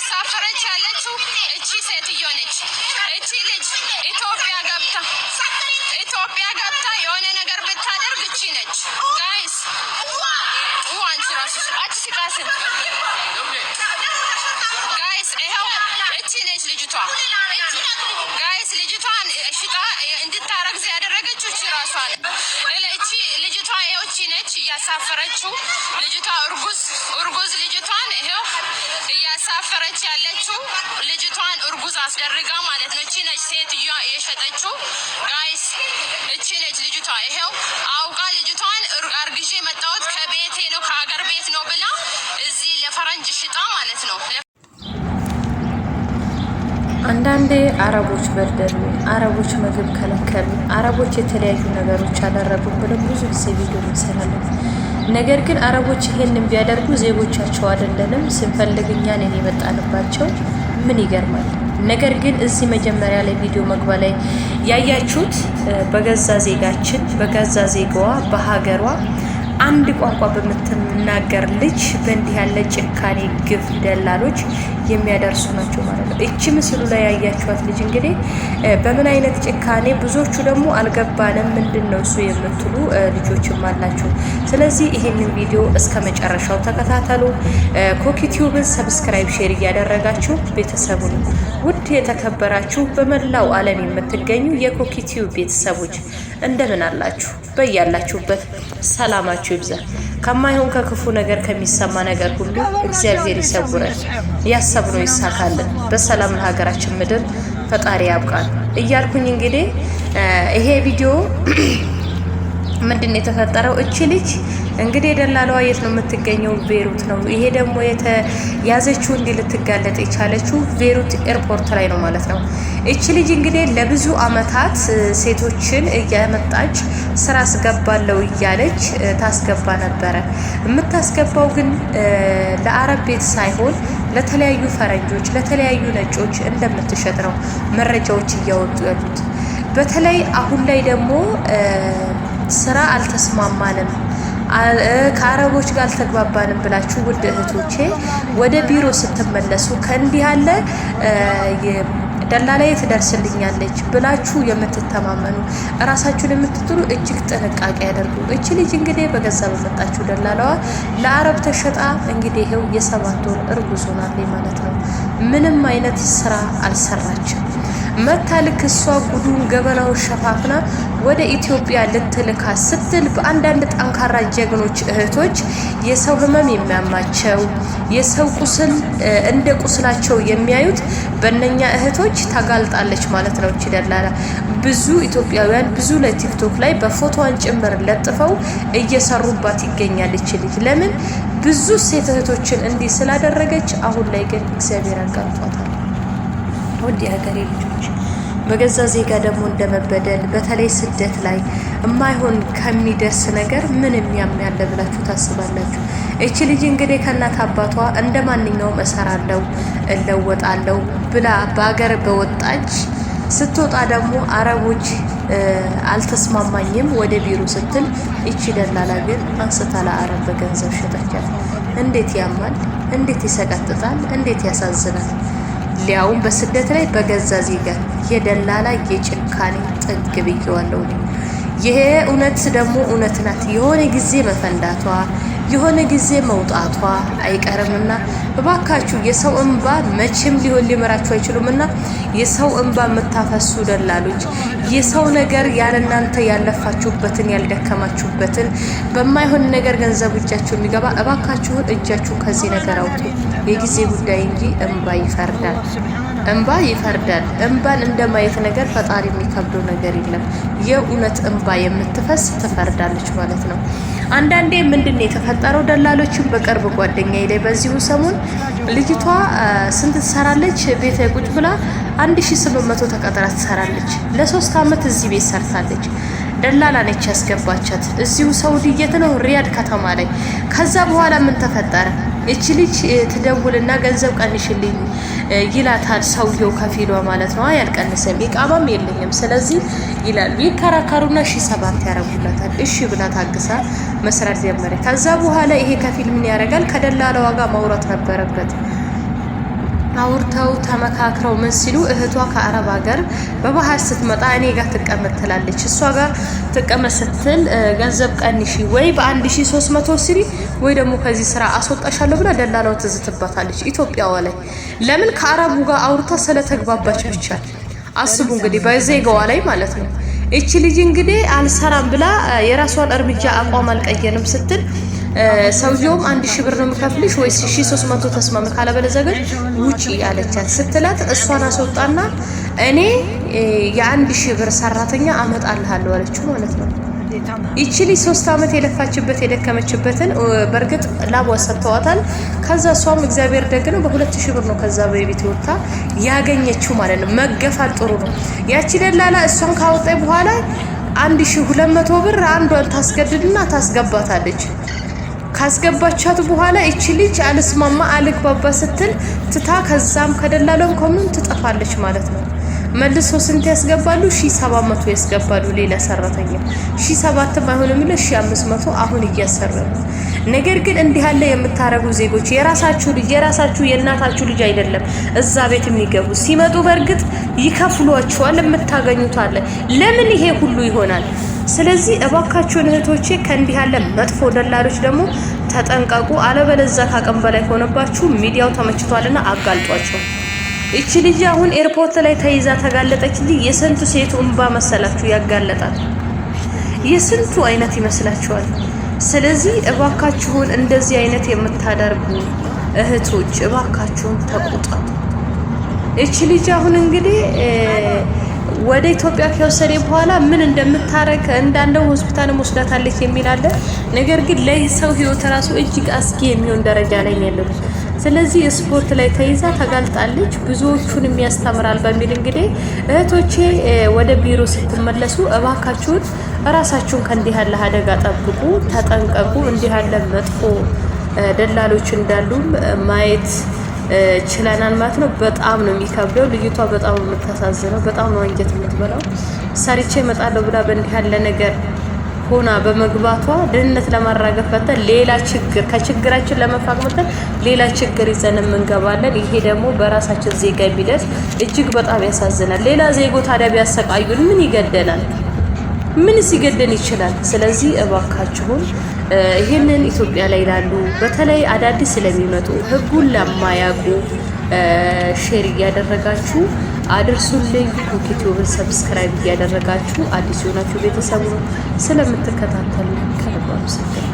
እያሳፈረች ያለችው እቺ ሴትዮ ነች። እቺ ልጅ ኢትዮጵያ ገብታ ኢትዮጵያ ገብታ የሆነ ነገር ብታደርግ እቺ ነች። ጋይስ ዋንቺ ራሱ አቺ ሲቃስን ጋይስ ይኸው እቺ ነች ልጅቷ ጋይስ ልጅቷን ሽጣ እንድታረግዝ ያደረገችው እቺ ራሷ እቺ ልጅቷ ይኸው እቺ ነች እያሳፈረችው ልጅቷ እርጉዝ እርጉዝ ልጅቷ እያሳፈረች ያለችው ልጅቷን እርጉዝ አስደርጋ ማለት ነው። እቺ ነች ሴትዮዋ የሸጠችው ጋይስ፣ እቺ ነች ልጅቷ። ይሄው አውቃ ልጅቷን አርግዤ የመጣሁት ከቤቴ ነው ከሀገር ቤት ነው ብላ እዚህ ለፈረንጅ ሽጣ ማለት ነው። አንዳንዴ አረቦች በደሉ፣ አረቦች ምግብ ከለከሉ፣ አረቦች የተለያዩ ነገሮች አደረጉ ብለን ብዙ ጊዜ ቪዲዮ እንሰራለን። ነገር ግን አረቦች ይሄንን ቢያደርጉ ዜጎቻቸው አይደለንም፣ ስንፈልግ እኛን የመጣንባቸው ምን ይገርማል። ነገር ግን እዚህ መጀመሪያ ላይ ቪዲዮ መግባ ላይ ያያችሁት በገዛ ዜጋችን በገዛ ዜጋዋ በሀገሯ አንድ ቋንቋ በምትናገር ልጅ በእንዲህ ያለ ጭካኔ፣ ግፍ ደላሎች የሚያደርሱ ናቸው ማለት ነው። እቺ ምስሉ ላይ ያያችኋት ልጅ እንግዲህ በምን አይነት ጭካኔ፣ ብዙዎቹ ደግሞ አልገባንም ምንድን ነው እሱ የምትሉ ልጆችም አላችሁ። ስለዚህ ይሄንን ቪዲዮ እስከ መጨረሻው ተከታተሉ። ኮኪቲዩብን ሰብስክራይብ፣ ሼር እያደረጋችሁ ቤተሰቡን ውድ የተከበራችሁ በመላው ዓለም የምትገኙ የኮኪቲዩብ ቤተሰቦች እንደምን አላችሁ? በያላችሁበት ሰላማችሁ ይብዛ። ከማይሆን ከክፉ ነገር ከሚሰማ ነገር ሁሉ እግዚአብሔር ይሰውረን፣ ያሰብነው ይሳካልን፣ በሰላም ለሀገራችን ምድር ፈጣሪ ያብቃል እያልኩኝ እንግዲህ ይሄ ቪዲዮ ምንድን ነው የተፈጠረው እቺ ልጅ እንግዲህ ደላላዋ የት ነው የምትገኘው? ቤሩት ነው። ይሄ ደግሞ የተያዘችው እንዲህ ልትጋለጥ የቻለችው ቤሩት ኤርፖርት ላይ ነው ማለት ነው። እቺ ልጅ እንግዲህ ለብዙ አመታት ሴቶችን እያመጣች ስራ አስገባለው እያለች ታስገባ ነበረ። የምታስገባው ግን ለአረብ ቤት ሳይሆን ለተለያዩ ፈረንጆች፣ ለተለያዩ ነጮች እንደምትሸጥ ነው መረጃዎች እያወጡ ያሉት። በተለይ አሁን ላይ ደግሞ ስራ አልተስማማንም ከአረቦች ጋር አልተግባባንም ብላችሁ ውድ እህቶቼ ወደ ቢሮ ስትመለሱ ከእንዲህ ያለ ደላላ ላይ ትደርስልኛለች ብላችሁ የምትተማመኑ እራሳችሁን የምትጥሉ እጅግ ጥንቃቄ ያደርጉ። እች ልጅ እንግዲህ በገዛ በመጣችሁ ደላላዋ ለአረብ ተሸጣ እንግዲህ ይኸው የሰባት ወር እርጉዞናል ማለት ነው። ምንም አይነት ስራ አልሰራችም። መታልክ እሷ ጉዱን ገበናው ሸፋፍና ወደ ኢትዮጵያ ልትልካ ስትል በአንዳንድ ጠንካራ ጀግኖች እህቶች የሰው ህመም የሚያማቸው የሰው ቁስል እንደ ቁስላቸው የሚያዩት በእነኛ እህቶች ተጋልጣለች ማለት ነው። ችደላላ ብዙ ኢትዮጵያውያን ብዙ ለቲክቶክ ላይ በፎቶዋን ጭምር ለጥፈው እየሰሩባት ይገኛለች። ልጅ ለምን ብዙ ሴት እህቶችን እንዲህ ስላደረገች፣ አሁን ላይ ግን እግዚአብሔር አጋልጧታል። ውድ የሀገሬ ልጆች በገዛ ዜጋ ደግሞ እንደመበደል በተለይ ስደት ላይ የማይሆን ከሚደርስ ነገር ምን ያለ ብላችሁ ታስባላችሁ? እቺ ልጅ እንግዲህ ከእናት አባቷ እንደ ማንኛውም እሰራለው እለወጣለው ብላ በሀገር በወጣች ስትወጣ ደግሞ አረቦች አልተስማማኝም ወደ ቢሮ ስትል እቺ ደላላ ግን አንስታ ለአረብ በገንዘብ ሸጠቻት። እንዴት ያማል! እንዴት ይሰቀጥጣል! እንዴት ያሳዝናል! ሊያውም በስደት ላይ በገዛ ዜጋ የደላላ የጭካኔ ጥግ ብዬዋለሁ። ይሄ እውነት ደግሞ እውነት ናት። የሆነ ጊዜ መፈንዳቷ የሆነ ጊዜ መውጣቷ አይቀርምና እባካችሁ የሰው እንባ መቼም ሊሆን ሊመራችሁ አይችሉምና የሰው እንባ የምታፈሱ ደላሎች፣ የሰው ነገር ያለ እናንተ ያለፋችሁበትን ያልደከማችሁበትን በማይሆን ነገር ገንዘብ እጃችሁ የሚገባ እባካችሁን እጃችሁ ከዚህ ነገር አውጡ። የጊዜ ጉዳይ እንጂ እንባ ይፈርዳል። እንባ ይፈርዳል። እንባን እንደ ማየት ነገር ፈጣሪ የሚከብደው ነገር የለም። የእውነት እንባ የምትፈስ ትፈርዳለች ማለት ነው። አንዳንዴ ምንድን የተፈጠረው? ደላሎችን በቅርብ ጓደኛዬ ላይ በዚሁ ሰሞን ልጅቷ ስንት ትሰራለች? ቤት ቁጭ ብላ አንድ ሺ ስምንት መቶ ተቀጥራ ትሰራለች። ለሶስት አመት እዚህ ቤት ሰርታለች። ደላላ ነች ያስገባቻት እዚሁ ሰውድ ነው ሪያድ ከተማ ላይ። ከዛ በኋላ ምን ተፈጠረ? እች ልጅ ትደውልና ገንዘብ ቀንሽልኝ ይላታል ሰውየው ከፊሏ ማለት ነው። አያልቀንስም ኢቃማም የለኝም ስለዚህ ይላሉ። ይከራከሩና ሺህ ሰባት ያረጉላታል። እሺ ብላ ታግሳ መስራት ጀመረ። ከዛ በኋላ ይሄ ከፊል ምን ያደርጋል? ከደላላዋ ጋር ማውራት ነበረበት። አውርተው ተመካክረው ምን ሲሉ እህቷ ከአረብ ሀገር በባህር ስትመጣ እኔ ጋር ትቀመጥ ትላለች። እሷ ጋር ትቀመጥ ስትል ገንዘብ ቀንሺ ወይ በ1300 ሲሪ ወይ ደግሞ ከዚህ ስራ አስወጣሻለሁ ብላ ደላላው ትዝትባታለች። ኢትዮጵያዋ ላይ ለምን ከአረቡ ጋር አውርታ ስለተግባባች ብቻል። አስቡ እንግዲህ በዜጋዋ ላይ ማለት ነው። እቺ ልጅ እንግዲህ አልሰራም ብላ የራሷን እርምጃ አቋም አልቀየንም ስትል ሰውየውም አንድ ሺህ ብር ነው የምከፍልሽ ወይስ ሺ ሶስት መቶ ተስማሚ ካለበለዚያ ግን ውጪ አለቻት ስትላት እሷን አስወጣና እኔ የአንድ ሺህ ብር ሰራተኛ አመጣልሃለሁ አለችው ማለት ነው። ይችሊ ሶስት አመት የለፋችበት የደከመችበትን በእርግጥ ላቧ ሰጥተዋታል። ከዛ እሷም እግዚአብሔር ደግ ነው በሁለት ሺህ ብር ነው ከዛ በቤት ወጥታ ያገኘችው ማለት ነው። መገፋት ጥሩ ነው። ያቺ ደላላ እሷን ካወጣ በኋላ አንድ ሺህ ሁለት መቶ ብር አንዷን ታስገድድና ታስገባታለች። ካስገባቻት በኋላ እቺ ልጅ አልስማማ አልግባባ ስትል ትታ ከዛም ከደላላው ከምን ትጠፋለች ማለት ነው። መልሶ ስንት ያስገባሉ? ሺ ሰባት መቶ ያስገባሉ። ሌላ ሰራተኛ ሺ ሰባትም አይሆንም ሺ አምስት መቶ አሁን እያሰረ ነው። ነገር ግን እንዲህ ያለ የምታረጉ ዜጎች የራሳችሁ ልጅ የራሳችሁ የእናታችሁ ልጅ አይደለም እዛ ቤት የሚገቡ ሲመጡ በእርግጥ ይከፍሏቸዋል። የምታገኙት አለ። ለምን ይሄ ሁሉ ይሆናል? ስለዚህ እባካችሁን እህቶቼ ከእንዲህ ያለ መጥፎ ደላሎች ደግሞ ተጠንቀቁ። አለበለዚያ ከአቅም በላይ ሆነባችሁ። ሚዲያው ተመችቷልና አጋልጧቸው። ይቺ ልጅ አሁን ኤርፖርት ላይ ተይዛ ተጋለጠች። ልጅ የስንቱ ሴቱ እንባ መሰላችሁ ያጋለጣል። የስንቱ አይነት ይመስላችኋል? ስለዚህ እባካችሁን እንደዚህ አይነት የምታደርጉ እህቶች እባካችሁን ተቆጣጡ። ይቺ ልጅ አሁን እንግዲህ ወደ ኢትዮጵያ ከወሰደ በኋላ ምን እንደምታረግ እንዳንደው ሆስፒታል ወስዳታለች የሚል አለ። ነገር ግን ለሰው ህይወት ራሱ እጅግ አስጊ የሚሆን ደረጃ ላይ ነው ያለው። ስለዚህ ስፖርት ላይ ተይዛ ተጋልጣለች፣ ብዙዎቹን የሚያስተምራል በሚል እንግዲህ እህቶቼ ወደ ቢሮ ስትመለሱ እባካችሁን እራሳችሁን ከእንዲህ ያለ አደጋ ጠብቁ፣ ተጠንቀቁ። እንዲህ ያለ መጥፎ ደላሎች እንዳሉም ማየት ችለናል ማለት ነው። በጣም ነው የሚከብደው። ልዩቷ በጣም ነው የምታሳዝነው። በጣም ነው አንጀት የምትበላው። ሰርቼ እመጣለሁ ብላ በእንዲህ ያለ ነገር ሆና በመግባቷ ድህነት ለማራገፍ መተን ሌላ ችግር ከችግራችን ለመፋቅ መተን ሌላ ችግር ይዘን የምንገባለን። ይሄ ደግሞ በራሳችን ዜጋ የሚደርስ እጅግ በጣም ያሳዝናል። ሌላ ዜጎ ታዲያ ቢያሰቃዩን ምን ይገደናል? ምንስ ሲገደን ይችላል? ስለዚህ እባካችሁን ይህንን ኢትዮጵያ ላይ ላሉ በተለይ አዳዲስ ስለሚመጡ ህጉን ለማያውቁ ሼር እያደረጋችሁ አድርሱልኝ። ዩቲዩብን ሰብስክራይብ እያደረጋችሁ አዲስ የሆናችሁ ቤተሰቡ ስለምትከታተሉ ከልብ አመሰግናለሁ።